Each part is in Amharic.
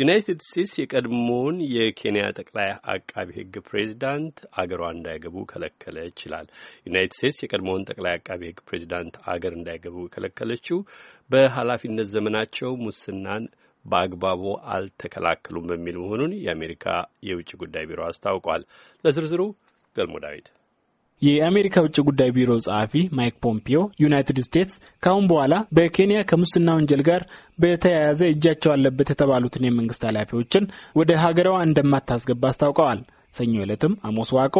ዩናይትድ ስቴትስ የቀድሞውን የኬንያ ጠቅላይ አቃቢ ሕግ ፕሬዚዳንት አገሯ እንዳይገቡ ከለከለች ይላል። ዩናይትድ ስቴትስ የቀድሞውን ጠቅላይ አቃቢ ሕግ ፕሬዚዳንት አገር እንዳይገቡ ከለከለችው በኃላፊነት ዘመናቸው ሙስናን በአግባቡ አልተከላከሉም በሚል መሆኑን የአሜሪካ የውጭ ጉዳይ ቢሮ አስታውቋል። ለዝርዝሩ ገልሞ ዳዊት የአሜሪካ ውጭ ጉዳይ ቢሮ ጸሐፊ ማይክ ፖምፒዮ ዩናይትድ ስቴትስ ከአሁን በኋላ በኬንያ ከሙስና ወንጀል ጋር በተያያዘ እጃቸው አለበት የተባሉትን የመንግስት ኃላፊዎችን ወደ ሀገሯ እንደማታስገባ አስታውቀዋል። ሰኞ ዕለትም አሞስ ዋቆ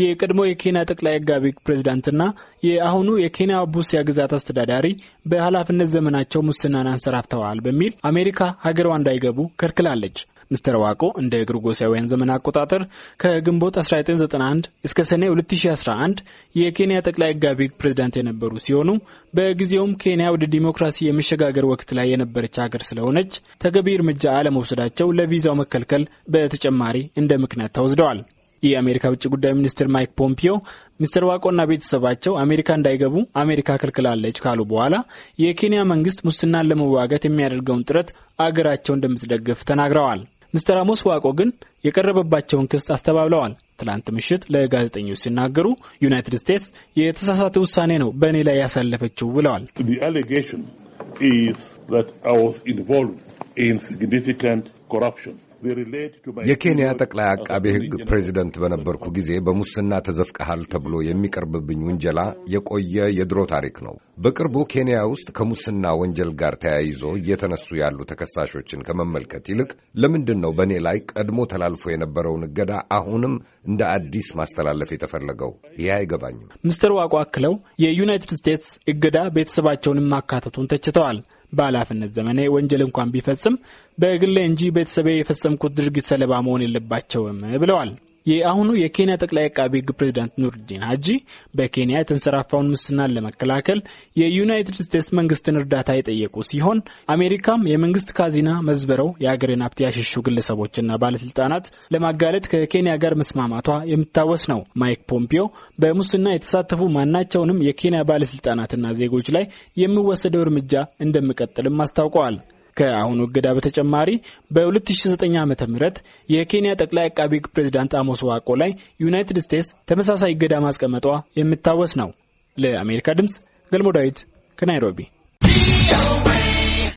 የቀድሞ የኬንያ ጠቅላይ አጋቢ ፕሬዚዳንትና የአሁኑ የኬንያ ቡስያ ግዛት አስተዳዳሪ በኃላፊነት ዘመናቸው ሙስናን አንሰራፍተዋል በሚል አሜሪካ ሀገሯ እንዳይገቡ ከልክላለች። ሚስተር ዋቆ እንደ ግሪጎሳውያን ዘመን አቆጣጠር ከግንቦት 1991 እስከ ሰኔ 2011 የኬንያ ጠቅላይ አጋቢ ፕሬዚዳንት የነበሩ ሲሆኑ በጊዜውም ኬንያ ወደ ዲሞክራሲ የመሸጋገር ወቅት ላይ የነበረች ሀገር ስለሆነች ተገቢ እርምጃ አለመውሰዳቸው ለቪዛው መከልከል በተጨማሪ እንደ ምክንያት ተወስደዋል። የአሜሪካ ውጭ ጉዳይ ሚኒስትር ማይክ ፖምፒዮ ሚስተር ዋቆና ቤተሰባቸው አሜሪካ እንዳይገቡ አሜሪካ ክልክላለች ካሉ በኋላ የኬንያ መንግስት ሙስናን ለመዋጋት የሚያደርገውን ጥረት አገራቸው እንደምትደግፍ ተናግረዋል። ምስተር አሞስ ዋቆ ግን የቀረበባቸውን ክስ አስተባብለዋል። ትላንት ምሽት ለጋዜጠኞች ሲናገሩ ዩናይትድ ስቴትስ የተሳሳተ ውሳኔ ነው በእኔ ላይ ያሳለፈችው ብለዋል። የኬንያ ጠቅላይ አቃቤ ሕግ ፕሬዚደንት በነበርኩ ጊዜ በሙስና ተዘፍቀሃል ተብሎ የሚቀርብብኝ ውንጀላ የቆየ የድሮ ታሪክ ነው። በቅርቡ ኬንያ ውስጥ ከሙስና ወንጀል ጋር ተያይዞ እየተነሱ ያሉ ተከሳሾችን ከመመልከት ይልቅ ለምንድን ነው በእኔ ላይ ቀድሞ ተላልፎ የነበረውን እገዳ አሁንም እንደ አዲስ ማስተላለፍ የተፈለገው? ይህ አይገባኝም። ምስትር ዋቆ አክለው የዩናይትድ ስቴትስ እገዳ ቤተሰባቸውንም ማካተቱን ተችተዋል። በኃላፊነት ዘመኔ ወንጀል እንኳን ቢፈጽም በግሌ እንጂ ቤተሰቤ የፈጸምኩት ድርጊት ሰለባ መሆን የለባቸውም ብለዋል። የአሁኑ የኬንያ ጠቅላይ አቃቢ ህግ ፕሬዚዳንት ኑርዲን ሀጂ በኬንያ የተንሰራፋውን ሙስናን ለመከላከል የዩናይትድ ስቴትስ መንግስትን እርዳታ የጠየቁ ሲሆን አሜሪካም የመንግስት ካዚና መዝበረው የአገሬን ሀብት ያሸሹ ግለሰቦችና ባለስልጣናት ለማጋለጥ ከኬንያ ጋር መስማማቷ የሚታወስ ነው። ማይክ ፖምፒዮ በሙስና የተሳተፉ ማናቸውንም የኬንያ ባለስልጣናትና ዜጎች ላይ የሚወሰደው እርምጃ እንደሚቀጥልም አስታውቀዋል። ከአሁኑ እገዳ በተጨማሪ በ2009 ዓ ም የኬንያ ጠቅላይ አቃቢ ሕግ ፕሬዚዳንት አሞስ ዋቆ ላይ ዩናይትድ ስቴትስ ተመሳሳይ እገዳ ማስቀመጧ የሚታወስ ነው። ለአሜሪካ ድምፅ ገልሞ ዳዊት ከናይሮቢ